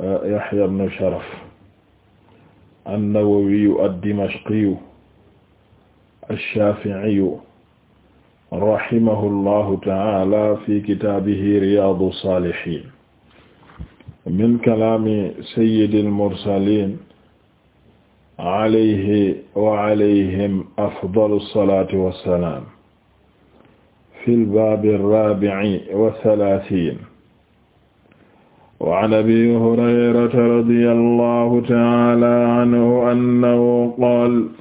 Yahya ibn Sharaf an-Nawawiyu ad-Dimashqiyu ash-Shafi'iyu rahimahullahu ta'ala fi kitaabihi Riyaadu s-Saalihiin min kalaami sayyidil mursaliin alayhi wa alayhim afdalu salaati wa salaam fil baabi raabi'i wa salaasiin waan abi hurayrata radiya allahu taala anhu annahu qaala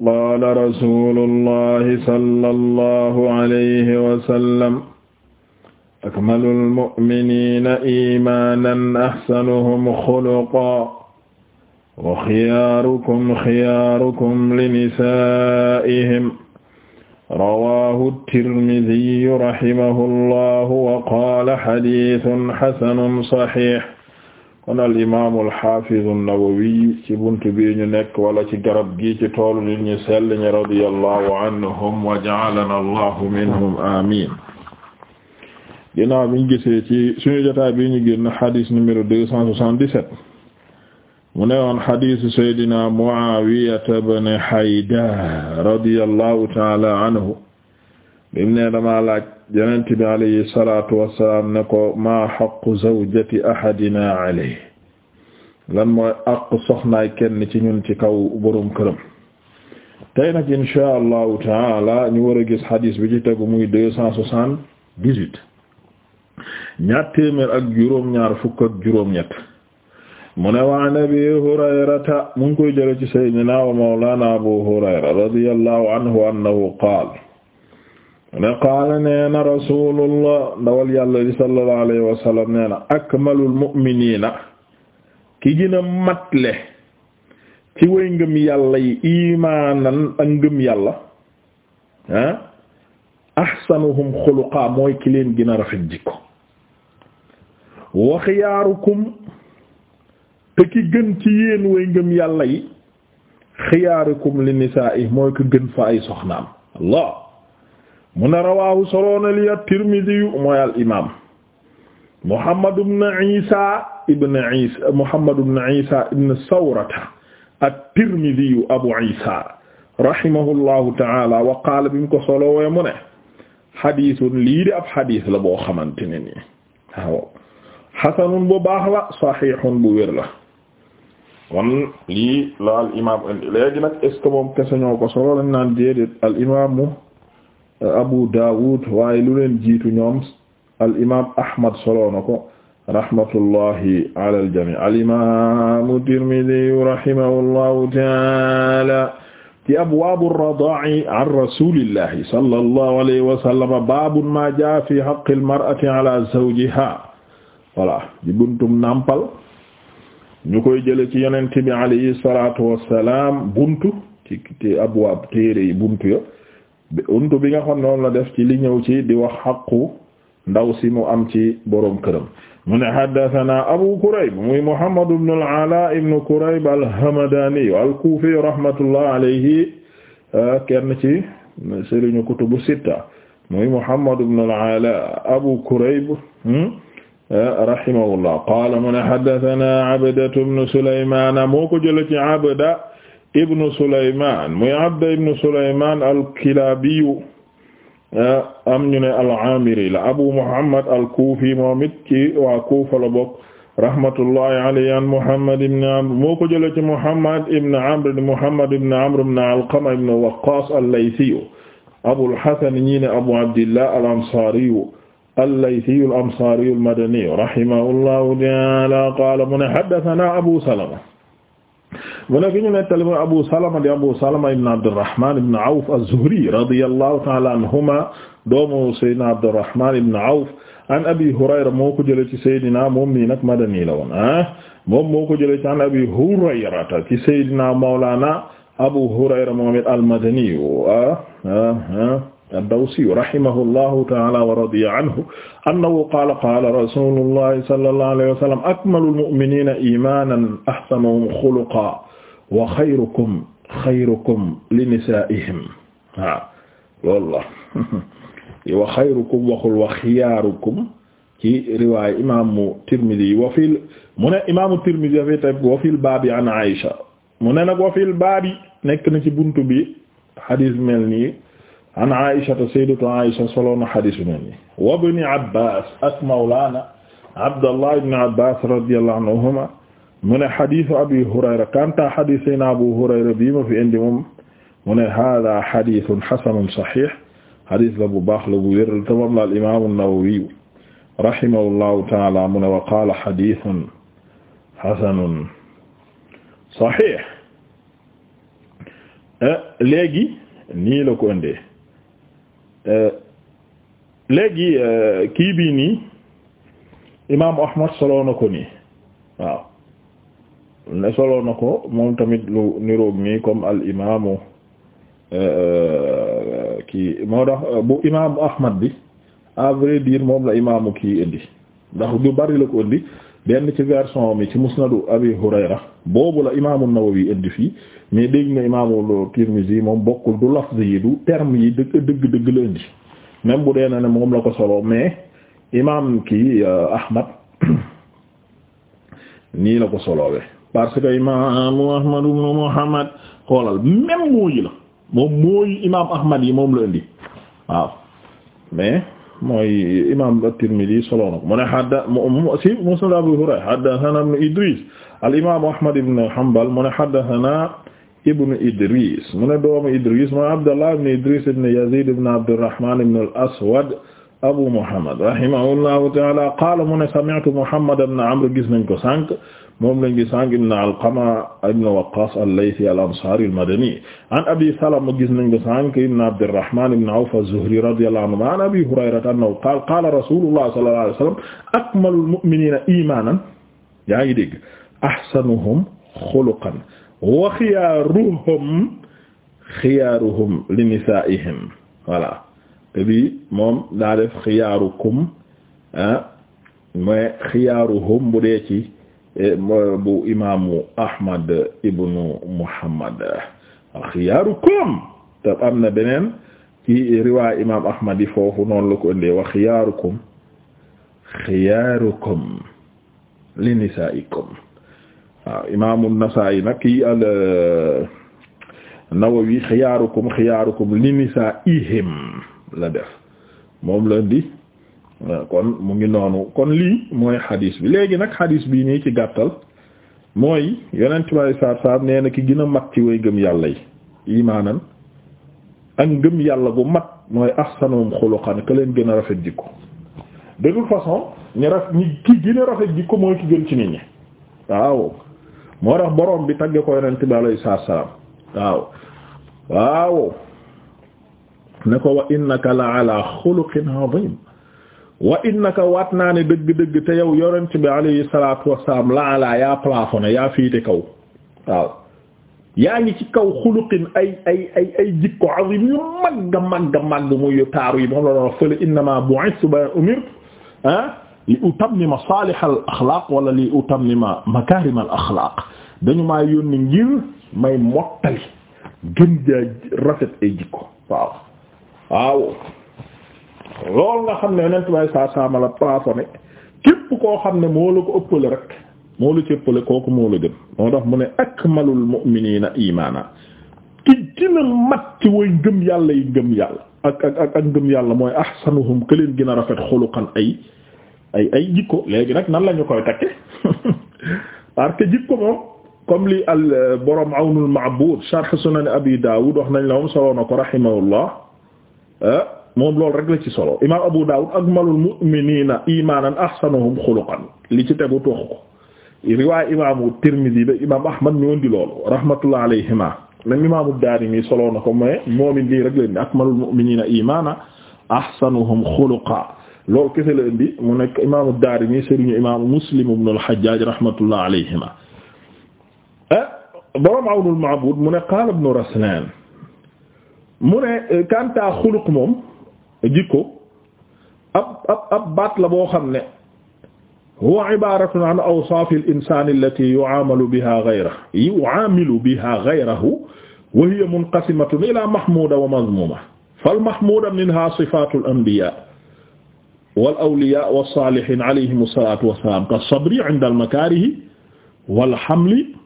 qaala rasuulullahi sallallahu alayhi wa sallam akmalul mu'miniina iimaanan ahsanuhum xuluqan wa xiyaarukum xiyaarukum linisaa'ihim rawaahu tirmidiyu rahimahullahu wa qaala xadiisun xasanun saxiix kon al imaamu alxaafizu nawawi ci buntu bii ñu nekk wala ci garab gi ci tool nit ñu sell ñi radiyallahu anhum wa ja'alana allahu minhum amiin. ginnaaw bi ñu gisee ci suñu jotaay bi ñu génn xadiis numéro deux cent soixante-dix-sept mu ne woon xadiisu saydina Muawiyata bne Hayda radiyallahu taala anhu bim ne dama laaj yonent bi alayhi salaatu wassalaam ne ko ma xaqu zawjati ahadina alayhi lan mooy àq soxnaay kenn ci ñun ci kaw boroom këram tey nag inshaa allahu taala ñu war a gis bi ci tegu muy deux cent soixante-dix-huit ñaar ak juróom-ñaar fukk ak juróom-ñett mu ne wa an abi hurayrata mu ngi koy jële ci sayyidina wa mawlana abu hurayra radiyallahu anhu annahu qaala ne qaala neena rasulullah ndawal yàlla li sallallahu alayhi wa sallam neena akmalul mu'minina ki gën a matle ci way ngëm yàlla yi imaanan ak ngëm yàlla ah ahsanuhum xuluqa mooy ki leen gën a rafet jikko wa xiyaarukum te ki gën ci yéen way ngëm yàlla yi xiyaarukum li nisaa'i mooy ko gën fa ay soxnaam allah mu ne rawaahu soloona li at-Tirmidhi mooy al imaam Muhammad ibn Isa ibn Isa Muhammad ibn Isa ibn Sawrata at-Tirmidhi Abu Isa rahimahullahu ta'ala wa qaala bi mu ko solowee mu ne xadiisun lii di ab xadiis la boo xamante ne nii waaw xasanun bu baax la saxiixun bu wér la kon lii la al imaam léegi nag est ce que moom kese ñoo ko solo lañ naan déedéet al imaamu euh, Abu Dawud waaye lu leen jiitu ñoom al imaam Ahmad solo na ko rahmatullahi ala al jamii al imaamu Tirmidhi rahimahullahu taala ci abwaabu radaa'i an rasulillahi sallallahu alayhi wa sallam baabun ma jaa fi haqqi al mar'ati ala zawjiha voilà di buntum nampal. ñu koy jële ci yonent bi alayhi salatu wassalam buntu ci ci abwaab téere yi buntu yo buntu bi nga xam ne la def ci li ñëw ci di wax xaqu ndaw si mu am ci boroom këram mu ne haddathana abu kurayb muy muhammad ibn al-ala ibn al-hamadani al-kufi rahmatullah alayhi kenn ci sëriñu kutubu sitta muy muhammad ibn al abu kurayb hmm? rahimahullah qaala mu ne haddathana abdatu ibnu sulaymaan moo ko jëlee ci abda ibnu sulaymaan muy abda ibnu sulaymaan al-kilaabiyu am ñu ne al-aamiri la abu muhammad al-kuufi moom it ci waa kuufa la bokk rahmatullahi alayhi an muhammad ibn amr moo ko jëlee ci muhammad ibn amr muhammad ibn amr ibn alqama ibn waqqaas al-laysiyu abul hasan ñi ne abu abdillah al-ansaariyu al-Laythi al-Ansaari al-Madani rahimahullahu ta'aala qaala mu ne haddathanaa Abu Salama mu ne ki ñu nettali mooy Abu Salama di Abu Salama ibn Abdurrahmaan ibn Awf az-Zuhri radiyallahu ta'aala anhumaa doomu Seydina Abdurrahmaan ibn Awf an Abi Hurayra moo ko jëlee ci Seydina moom mii nag Madani la woon ah moom moo ko jëlee ci an Abi Hurayrata ci Seydina Mawlaana Abu Hurayra moom it al-Madani ah, ah, ah. ad-Dawsi rahimahullahu ta'ala wa radiya anhu annahu qaala qaala rasuulullahi sallallahu alayhi wa sallam akmalul mu'miniina iimaanan ahsanuhum xuluqan wa xayrukum xayrukum li nisaa'ihim waaw loolu la wa xayrukum waxul wa xiyaarukum ci riwaaya imaamu Tirmidi wa fil mu ne imaamu Tirmidi dafay teg wa fil baabi an Aysa mu ne nag wa fil baabi nekk na ci buntu bi hadiis mel nii. an aishata sayyidatu aisha soloona xadis bi noon wa ibni abbas ak mawlana abdallah ibni abbas radiyallahu anhuma mu ne xadisu abi hurayra kanta xadis sayna abu hurayra bi ma fi indi moom mu ne hada xadisun xasanun saxix xadis la bu baax la bu wér tamam la al imam an-nawawi rahimahullahu taala mu ne wa qaala xadisun xasanun saxix eh, léegi nii la ko indee Euh, léegi euh, kii bii nii imaam Ahmad soloo na ko nii waaw ne soloo na ko moom tamit lu niroog nii comme al imaamu euh, kii moo tax bu imaamu Ahmad bi à vrai moom la imaamu ki indi ndax du bari la ko indi benn ci version mi ci musnadu Abi Hurayra boobu la imaamu Nawawi indi fii mais dégg nga imaamu Tirmizi moom bokkul du lafz yi du terme yi dëgg dëgg dëgg la indi même bu dee na ne moom la ko solo mais imaam kii euh, Ahmad nii la ko solowee parce que imaamu Ahmad ibn Muhammad xoolal même mooyi la moom mooy imaam Ahmad yi moom la indi waaw mais. mooy imam at-Tirmidhi solo na ko mu ne hadda si musnad Abu Hurayra haddathana ibnu Idris al-imamu Ahmad ibn Hanbal mu ne haddathana ibnu Idris mu ne doomu Idris mooy Abdallah ibn Idris ibn Yazid ibn Abdurrahman ibn al-Aswad Abu Muhammad rahimahullahu ta'ala qala mu ne sami'tu Muhammad ibn Amr gis nañ ko sànq moom lañ gis sànq ibn Alqama ibn Waqqas al-Laythi al-Ansari al-Madani an Abi Salama gis nañ ko sànq ibn Abdurrahman ibn Awf az-Zuhri radiyallahu anhu an Abi Hurayrata annahu qaala qaala rasulullah sallallahu alayhi wa sallam akmalul mu'minina imanan yaa ngi dégg ahsanuhum xuluqan wa xiyaaruhum xiyaaruhum li nisaa'ihim voilà te bi moom daa def xiyaarukum ah mais xiyaaruhum bu dee ci E, bu imaamu Ahmad ibnu Muhammad xiyaarukum te am na beneen ci riwaay imaam Ahmad yi foofu noonu la ko indee wa xiyaarukum xiyaarukum li nisaa'ikum waaw imaamu nag kii al e, Nawawi xiyaarukum xiyaarukum li nisaa'ihim la kon mu ngi noonu kon lii mooy xadis bi léegi nag xadiis bii nii ci gàttal mooy yonent bi alayhi salaatu salaam nee ki gën a mat ci way gëm yàlla yi imaanan ak ngëm yàlla gu mat mooy ahsanum xuluqan ka leen gën a rafet jikko de toute façon ñu raf ñi ki gën rafet jikko mooy ki gën ci nit ñi waaw moo tax borom bi tagge ko yonent bi alayhi salaatu salaam waaw waaw ne ko wa innaka la ala xuluqin azim wa innaka waat naa ne dëgg-dëgg te yow yonent bi alayhi salaatu wassalaam la ala yaa plafonné yaa féete kaw waaw yaa ngi ci kaw xuluqin ay ay ay ay jikko azim yu màgg màgg màgg muy taaru yi moom la doon fële innama bu'ithtu ba umirtu ah li utammima salih al axlaq wala li utammima makarim al axlaq dañu maa yónni ngir may mottali gën jaa rafet ay jikko waaw waaw loolu nga xam ne yonent bay saa saama la plafonné képp koo xam ne moo la ko ëppale rek moo la ci ëppale kooku moo la gën moo tax mu ne akmalul mu'minina imaana ki gën a mat ci way ngëm yàlla yi ngëm yàlla ak ak ak ngëm yàlla mooy ahsanuhum ke leen gën a rafet xuluqan ay ay ay jikko léegi nag nan la koy takke parce que jikko moom comme li al euh, borom awnul ma'bud sharh sunan abi daawud wax nañ la moom soloona ko rahimahullah ah. moom loolu rek la ci solo imaam Abu Dawud akmalul mu'minina imanan ahsanuhum xuluqan li ci tegu toxu ko riwaay imaamu Tirmidhi ba imaam Ahmad ñoo di loolu rahmatullah alayhima même imaamu solo na ko mais moom it lii rek la indi akmalul mu'minina imanan ahsanuhum xuluqan loolu kese la indi mu nekk imaamu Daarimi sëriñu imaamu Muslim ibn al-Hajjaj rahmatullah alayhima eh, borom Awnul Ma'bud mu ne qaala ibn Raslan eh, kanta xuluq moom jikko ab ab ab baat la boo xam ne huwa ibaratun an awsaafi al insani allati yu'amalu biha ghayrahu yu'amilu biha ghayrahu wa hiya munqasimatun ila mahmuda wa mazmuma fal mahmuda minha sifatu al anbiya wal awliya was salihin alayhim as-salatu wassalam kas sabri 'inda al makarihi wal hamli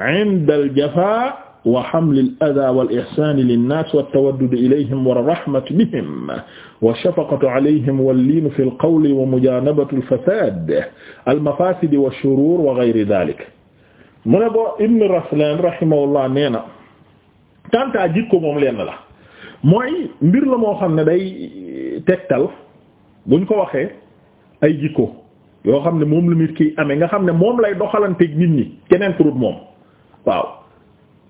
'inda al jafa wa hamlil adaa wal ihsaani linnaas wattawaddudi ilayhim warrahmati bihim washafaqatu alayhim walliinu fil qawli wa mujaanabatul fasaad almafaasidi washuruur wa ghayri daalik. mu ne boo Ibn Raslaan rahimahullah nee na tanta jikko moom lenn la mooy mbir la moo xam ne day tegtal buñ ko waxee ay jikko yoo xam ne moom la nit kiy amee nga xam ne moom lay doxalanteeg nit ñi keneen ku dul moom waaw.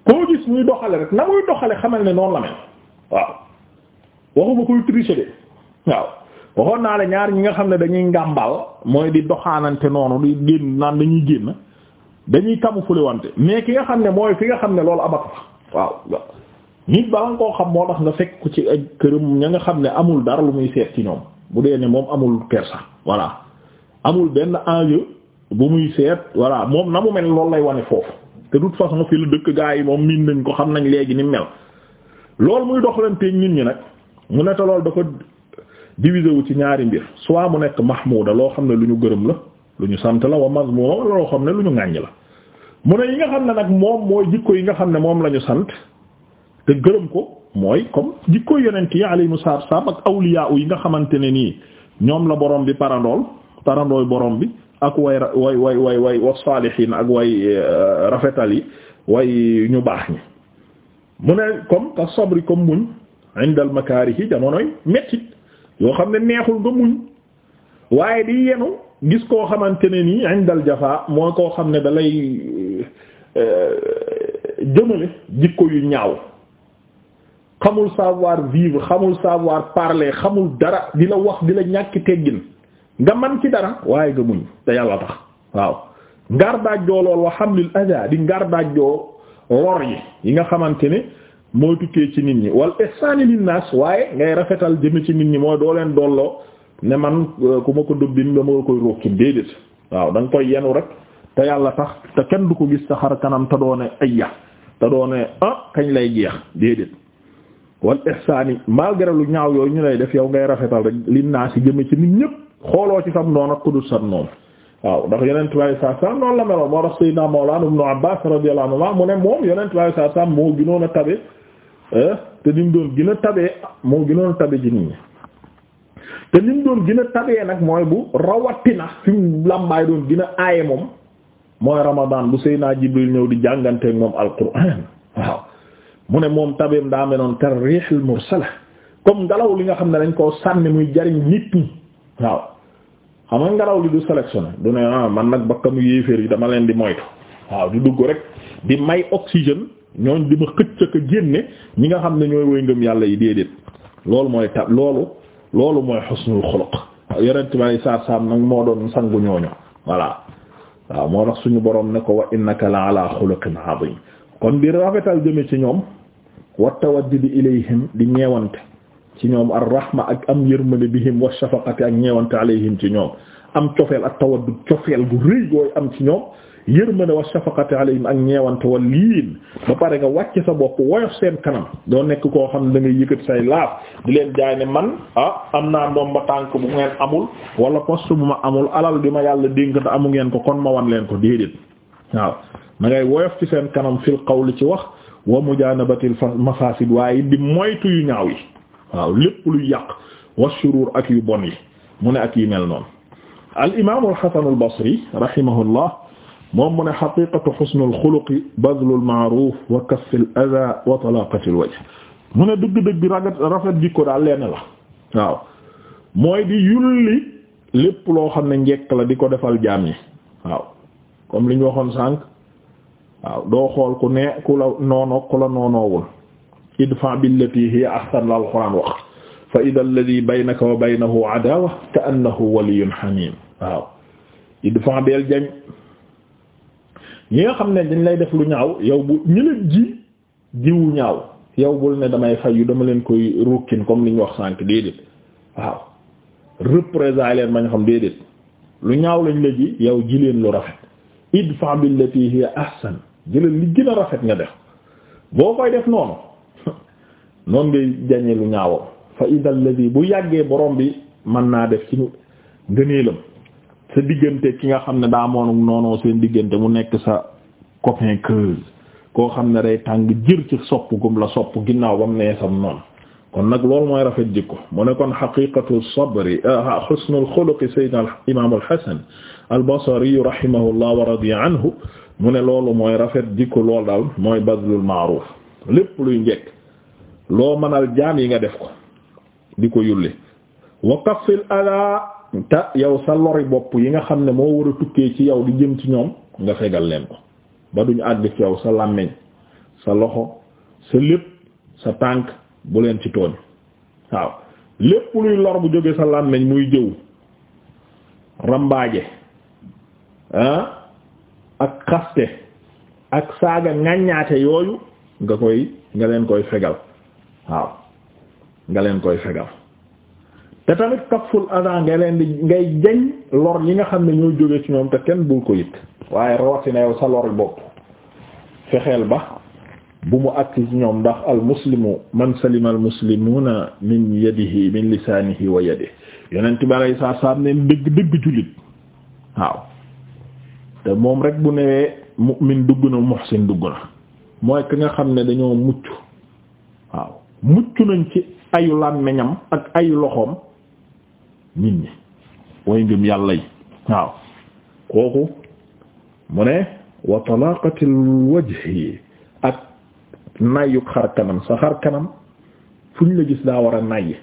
koo gis muy doxale rek na muy doxale xamal ne noonu la mel waaw waxuma koy tricher de waaw waxoon naa la ñaar ñi nga xam ne dañuy ngàmbal mooy di doxaanante noonu di génn naan dañuy génn dañuy camoufler wante mais ki nga xam ne mooy fi nga xam ne loolu amatu fa waaw nit ba koo xam moo tax nga fekk ko ci ak këram ña nga xam ne amul dara lu muy seet ci ñoom bu dee ne moom amul kersa voilà amul benn enjeu bu muy seet voilà moom na mu mel loolu lay wane foofu te toute façon fi lu dëkk gaa yi moom miin nañ ko xam nañ léegi ni mel loolu muy doxalanteeg nit ñi nag mu ne te loolu dafa divisé wu ci ñaari mbir soit mu nekk mahmuda loo xam ne lu ñu gërëm la lu ñu sant la wa mazmuma loo xam ne lu ñu ŋàññ la mu ne yi nga xam ne nag moom mooy jikko yi nga xam ne moom la ñu sant te gërëm ko mooy comme jikko yonent yi alayhimu salaam ak awliya yi nga xamante ne nii ñoom la borom bi parandool parandooy borom bi ak way way way way way wasalihin ak way euh, rafetal yi way ñu baax ñi mu ne comme ka sabri comme muñ indal makaarihi jamonoy mettit yoo xam ne neexul nga waaye di yenu gis koo xamante ne nii indal jafaa mooy koo xam ne dalay euh, jëmale jikko yu ñaaw xamul savoir vivre xamul savoir parler xamul dara di la wax di la ñàkki teggin nga man ci dara waaye nga muñ te yàlla tax waaw ngar daajjoo lool wa hamlil ada di ngar daajjoo lor yi nga xamante ni mooy tukkee ci nit ñi wal ihsani lin waaye ngay rafetal jëme ci nit ñi mooy doo leen dolloo ne man euh, ku ma ko dubbin dama nga koy rókkin déedéet waaw da nga koy yenu rek te yàlla tax te kenn du ko gis sa xar kanam te doone ayya te doone ah kañ lay jeex déedéet wal ihsani malgré ñaaw yooyu ñu lay def yow ngay rafetal rek lin nas yi ci nit ñépp xooloo ci sam noon ak ku dul waaw ndax yonent noonu la meloon moo tax Seydina Mawlana Ibnu Abbaas radiyallahu anhu mu moo gënoon a tabe eh, te ni mu doon gën a tabee moo gënoon tabe ji nit ñi te ni mu doon gën a nag mooy bu rawatina fi mu làmbaay doon gën a aaye moom mooy Ramadan bu Seydina Jibril ñëw di jànganteeg moom Alquraan waaw mu ne moom tabeem daa menoon kar riihil mursala comme ngelaw li nga xam ne dañ koo sànni muy jariñ nit ñi waaw. xam nga ngelaw li du sélectionné du ne ah man nag bakkamu yéeféer yi dama leen di moytu waaw di dugg rek di may oxygène ñooñ di ma xëcc a génne ñi nga xam ne ñooy woy ngëm yàlla yi déedéet loolu mooy tab loolu loolu mooy xusnul xuluq yonent bari saar saam nag moo doon sangu ñooñu voilà waaw moo tax suñu boroom ne ko wa innaka la ala xuluqin azim kon di rafetal jëme ci ñoom wa tawaddudi ilayhim di ñeewante ci ñoom ar rahma ak am yërmande bihim wa shafaqati ak ñeewante alayhim ci ñoom am cofeel ak tawaddud cofeel gu rëy gooy am ci ñoom yërmande wa shafaqati alayhim ak ñeewante wal liin ba pare nga wàcc sa bopp woyof seen kanam doo nekk koo xam ne da ngay yëkkat say laaf di leen man ah am naa doom ba tànk bu amul wala poste bu ma amul alal bi ma yàlla dénk te amu ngeen ko kon ma wan leen ko déedéet waaw da ngay woyof ci seen kanam fil qawli ci wax wa mujaanabatil mafasid waaye di moytu yu ñaaw yi waaw lépp luy wa shurur ak yu bon yi mu ne ak yi mel noonu al imaam al hasan moom mu ne xaqiqatu xusnul xuluqi bazlul ma'ruf wa kaffil adaa wa talaaqatil wajh mu ne dëgg-dëgg bi ragat rafet jikko daal lenn la waaw mooy di yulli lépp loo xam ne njekk la di ko defal jaam yi waaw comme li ñu waxoon sànq waaw doo xool ku ne ku la noonoo ku la noonoowul idfa billati hiya ahsan la alquran wax fa ida alladi baynaka wa baynahu adawa ka annahu waliyun hamim waaw idfa beel jañ ñi nga xam ne dañ lay def lu ñaaw yow bu ñu leen ji jiwu ñaaw yow bul ne damay fayu dama leen koy rukkin comme li ñu wax sànk déedéet waaw représailles leen ba ñu xam déedéet lu ñaaw lañ la ji yow ji leen lu rafet idfa billati hiya ahsan jëlal li gën a rafet nga def boo koy def noonu noonu ngay jañee lu ñaawam fa ida alladi bu yàggee borom bi mën naa def ci ngëneelam sa diggante ki nga xam ne daa moonu noonoo seen diggante mu nekk sa copain queuse koo xam ne day tàng jër ci sopp gum la sopp ginnaaw bam nee sam noonu kon nag loolu mooy rafet jikko mu ne kon xaqiqatu sabri xusnul ah, xuluqi sayyidina imaamul Hasan al-Basri rahimahullah wa radiya anhu mu ne loolu mooy rafet jikko lool daal mooy bazlul ma'ruf lépp luy njekk loo mënal jaam yi nga def ko di ko yulli wa kaffil ada te yow sa lori bopp yi nga xam ne moo war a tukkee ci yow di jëm ci ñoom nga fegal leen ko ba duñu àgg ci yow sa làmmiñ sa loxo sa lépp sa tànk bu leen ci tooñ waaw lépp luy lor bu jógee sa làmmeñ muy jëw rambaaje ah ak xaste ak saaga ŋàññaate yooyu nga koy nga leen koy fegal waaw nga leen koy fegal te tamit kaful adaa nga leen di ngay jañ lor yi nga xam ne ñoo jóge ci ñoom te kenn bul ko yit waaye rawatina yow sa lor bopp fexeel ba bu mu àgg ci ñoom ndax al muslimu man salima al muslimuna min yadihi min lisaanihi wa yadihi yonent bi alayhi salaam neen dëgg dëgg jullit waaw te moom rek bu newee mu'min dugg na muhsin dugg na mooy ki nga xam ne dañoo mucc waaw mucc nañ ci ayu làmmiñam ak ayu loxoom nit ñi way ngëm yàlla yi waaw kooku mu ne wa talaqatil wajhi ak nayu xar kanam sa xar kanam fu ñu la gis daa war a nayyi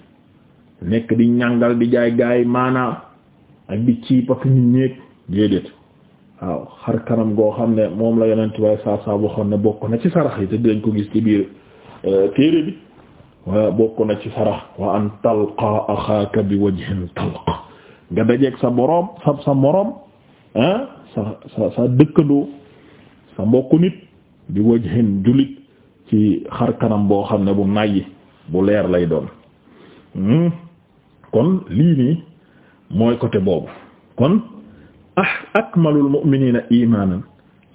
nekk di ñàngal di jaay gaay maanaa ak di ciipa fi ñu ñéeg déedéet waaw xar kanam goo xam ne moom la yonent waaye saa saa waxoon ne bokk na ci sarax yi te dinañ ko gis ci biir euh, téere bi waaw bokk na ci sarax wa an talqa axaaka bi wajhin talq nga dajeeg sa boroom sa sa moroom ah sa sa sa dëkkandoo sa mbokku nit bi wajhin jullit ci xar kanam boo xam ne bu nàyyi bu leer lay doon hmm? kon lii nii mooy côté boobu kon ah akmalul mu'minina imanan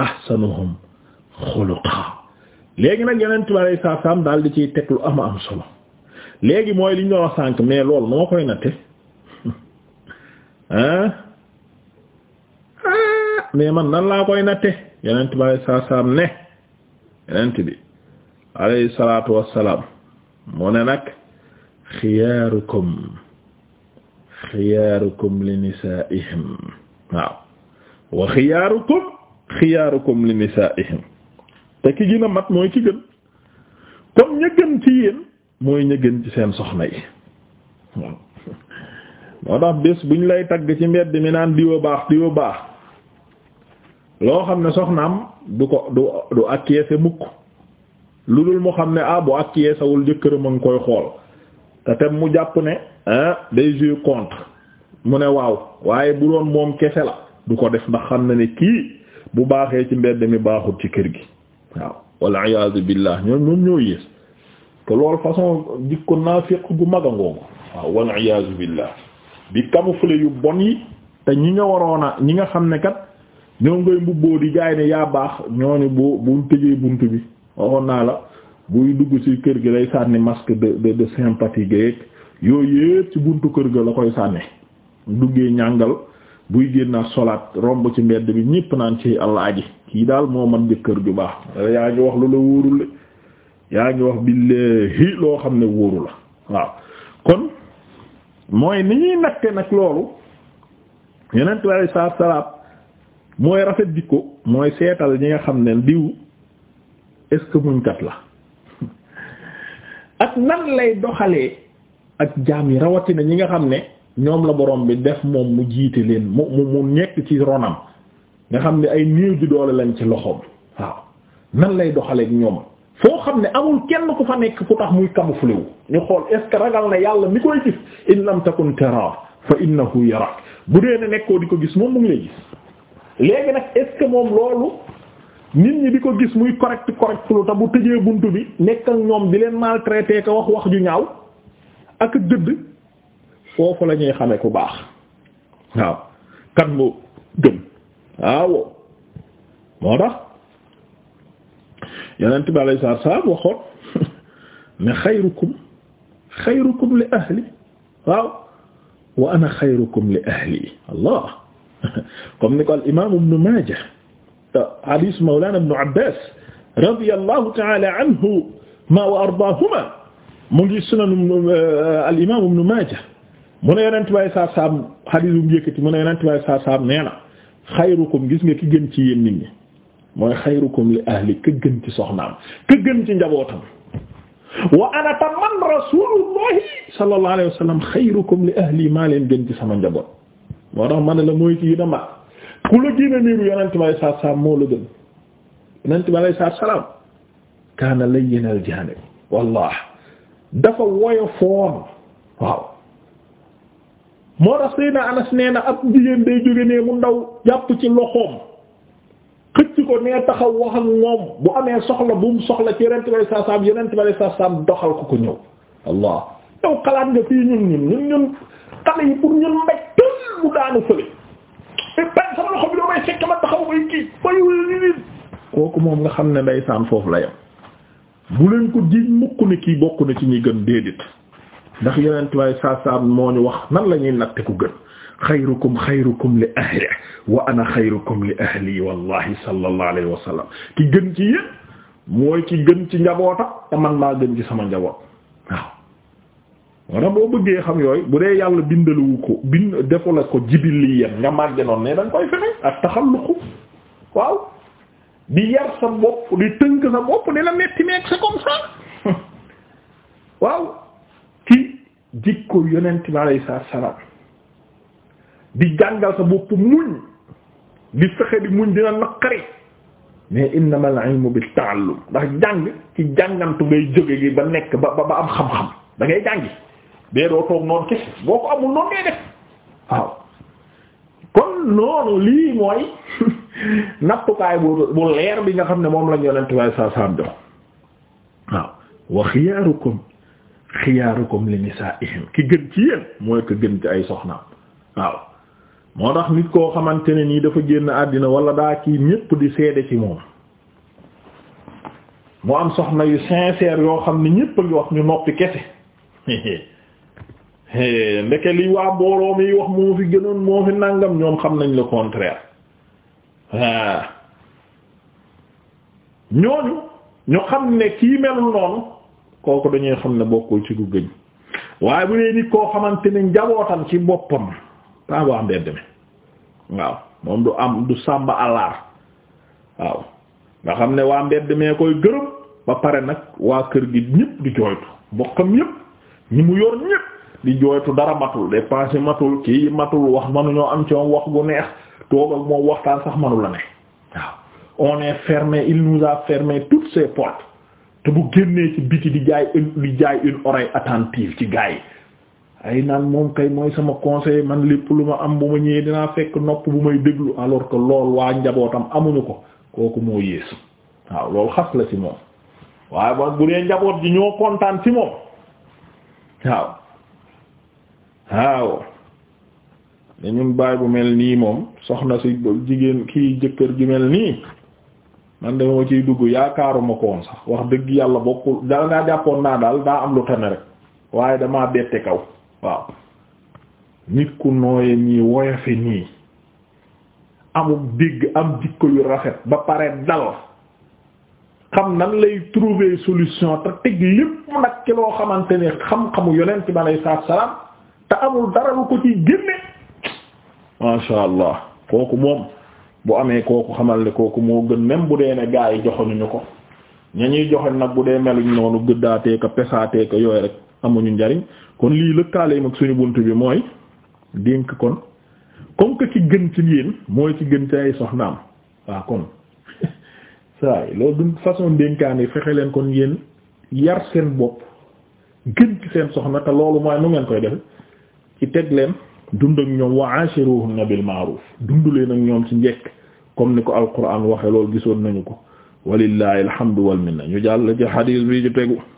ahsanuhum xuluqa léegi nag yeneen tubaab yi saam daal di ciy teg am am solo léegi mooy li ñu doon wax sànq mais loolu noo koy natte ah mais man nan laa koy natte yeneen tubaab yi saa saam ne yeneen bi alayhi salaatu wassalaam mu ne nag xiyaarukum xiyaarukum li nisaa'ihim waaw wa xiyaarukum xiyaarukum li nisaa'ihim te ki gën mat mooy ki gën comme ña ci yéen mooy ña gën ci seen soxna yi moo tax bés buñ lay tagg ci mbedd mi naan diwa baax diwa baax loo xam ne soxnaam du ko du du acquiescer mukk lu dul mu xam ne ah bu acquiescer wul ngi koy xool te tem mu jàpp ne ah day jouer contre mu ne waaw waaye bu doon moom kese la du ko def ndax xam na ne kii bu baaxee ci mbedd mi baaxul ci kër gi waaw walla iyaazu billaah ñoom ñoom ñoo yées te loolu façon jikko naafiq gu mag a ngoogu waaw walla iyaazu billaah bi camoufle yu bon yi te ñi nga waroon a ñi nga xam ne kat ñoo ngay mbubboo di jaay ne yaa baax ñooñu bu buñ tëjee bunt bi waxoon naa la buy dugg ci kër gi lay sànni masque de de de sympathie yooy yooyu yépp ci buntu kër ga la koy sànni duggee ñàngal buy génn solaat romb ci mbedd bi ñépp naan ci allah ji kii daal moo man jëkkër ju baax yaa ngi wax lu la wóorul yaa ngi wax bi loo xam ne wóoru la waaw kon mooy ni ñuy natte nag loolu yeneen tubaab saa salaat mooy rafet jikko mooy seetal ñi nga xam ne diw est-ce que muñkat la ak nan lay doxalee ak jaam yi rawatina ñi nga xam ne. ñoom la borom bi def moom mu jiite leen mu mu mu nekk ci ronam nga xam ne ay néew ju doole lañ ci loxoom waaw nan lay doxaleek ñoom foo xam ne amul kenn ku fa nekk ku tax muy camouflé wu ñu xool est-ce que ragal na yàlla mi koy gis in lam takun tara fa innahu yarak bu dee ne nekkoo di ko gis moom mu ngi lay gis léegi nag est-ce moom loolu nit ñi di ko gis muy correct correct lu te bu tëjee bunt bi nekk ak ñoom di leen maltraité ko wax wax ju ñaaw ak gëdd foofu la ñuy xame ku baax waaw kan mu gëm waaw moo tax yonent bi alayhi salaatu salaam waxoon ne xayrukum xayrukum li ahli waaw wa ana xayrukum li ahli allah comme ni ko al imaam ibnu Maaja hadiis mawlaana ibnu Abbaas radiyallahu ta'ala anhumaa wa ardaahuma mu ngi sunan uh, al imaam ibnu Maaja mu ne yonent bi saa saam xadiis bu mu yëkkati mu ne yonent bi saa saam nee na gis nga ki gën ci yéen nit mooy xayrukum li ahli ka gën ci soxnaam ka gën ci njabootam wa ana ta man rasulullahi xayrukum li ahli maa leen gën ci sama njaboot moo tax ma ne la mooy ci gën a ku la gën niiru yonent bi saa saam moo la gën yonent bi saa salaam kaana layyinal jaanib wallah dafa woyofoon waaw moo tax Seydina Anas nee na ab jigéen day jóge ne mu ndaw jàpp ci loxoom xëcc ko nee taxaw wax ak moom bu amee soxla bu soxla ci yonent bi saa saam yonent bi saa saam doxal ko ko ñëw allah yow xalaat nga fii ñun ñun ñun ñun xale yi pour ñun mbéj tël mu daanu fële mais benn sama loxo bi doo may ma taxaw may kii kooku moom nga xam ne ndeysaan foofu la yam bu leen ko jiiñ mukk ne kii bokk na ci ñi gën déedéet ndax yeneen tubaab saa saa moo ñu wax nan la ñuy natt ku gën xayrukum xayrukum li ahli wa ana xayrukum li ahli wallahi sallallahu alayhi wa gën ci ki gën ci njabootam man maa gën ci sama njaboot waaw. wala boo bëggee xam yooyu bu dee yàlla bindaluwu ko bind defu la ko jibiliyan nga màgge noonu ne da nga koy fexe ak taxalluqu waaw di yar sa bopp di tënk sa bopp di la metti meeg c'est comme ça waaw. jikko yonent bi alayhi salaam di jàngal sa bopp muñ di fexe di muñ dina naqari mais innamal ilmu bit ta'allum ndax jàng ci jàngantu ngay jóge gi ba nekk ba ba am xam-xam da ngay jàngi bee doo toog noonu kese boo ko amul noonu ngay def waaw kon noonu lii mooy nattukaay bu bu leer bi nga xam ne moom lañ yonent bi alayhi salaam jox waaw wa xiyaarukum xiyaarukum li nisaa'ihim ki gën ci yéen mooy ko gën ci ay soxnaam waaw moo tax nit koo xamante ne nii dafa génn àddina wala daa kii ñépp di seede ci moom mu am soxna yu sincère yoo xam ne ñépp ngi wax ñu noppi kese ndeke li waa mbooloo mi wax moo fi gënoon moo fi nangam ñoom xam nañ la contraire waa ah. ñooñu ñu xam ne kii melul noonu kooku dañuy xam ne bokkul ci gu gëñ waaye bu dee nit koo xamante ne njabootam ci boppam pas boo am deme waaw moom du am du sàmba àllaar waaw nga xam ne waa mbedd mee koy gërëm ba pare nag waa kër gi ñëpp di jooytu mbokkam yëpp ñi mu yor ñëpp di jooytu dara matul dépense matul kii matul wax manuñoo am ci wax gu neex toog ak moom waxtaan sax manu la ne waaw on est il nous a fermé toutes ses portes te bu génnee ci biti di jaay une di jaay une oreille attentive ci gaa yi ay naan moom kay mooy sama conseil man lépp lu ma am bu ma ñëwee dinaa fekk nopp bu may déglu alors que lool waa njabootam amuñu ko kooku moo yées waaw loolu xas la ci moom waaye njaboot ji ñoo kontaan ci moom waaw waaw dañun bàyyi bu mel nii moom soxna si jigéen kii jëkkër ju mel nii man dama ciy dugg yaakaaruma koon sax wax dëgg yàlla bokkul dara ngaa jàppoon naa daal naa am lu tane rek waaye damaa bette kaw waaw nit ku nooye nii woyofe nii amub dégg am jikko yu rafet ba pare dal xam nan lay trouver solution te teg lépp nag ci loo xamante ne xam-xamu yonent bi alay salaam te amul dara lu ko ciy génne masha allah kooku moom bu amee kooku xamal ne kooku moo gën même bu dee ne gaa yi joxoñuñu ko ña ñuy joxoñ nag bu dee meluñ noonu gëddaatee ko pesaatee ko yooyu rek amuñu njariñ kon lii lëkkaale mag suñu bunt bi mooy dénk kon comme ci gën mooy ci gën ci waaw kon saay loolu du façon dénkaane fexe leen kon yéen yar seen bopp gën seen soxna te ngeen koy def ci teg leen dund ak ñoom wa ashiruhunna bil ma'ruf dund leen ak ñoom ci njekk comme ni ko alquran waxe lool gisoon nañu ko walillahi alhamdu wal minna ñu jàll ci hadith bi ci tegu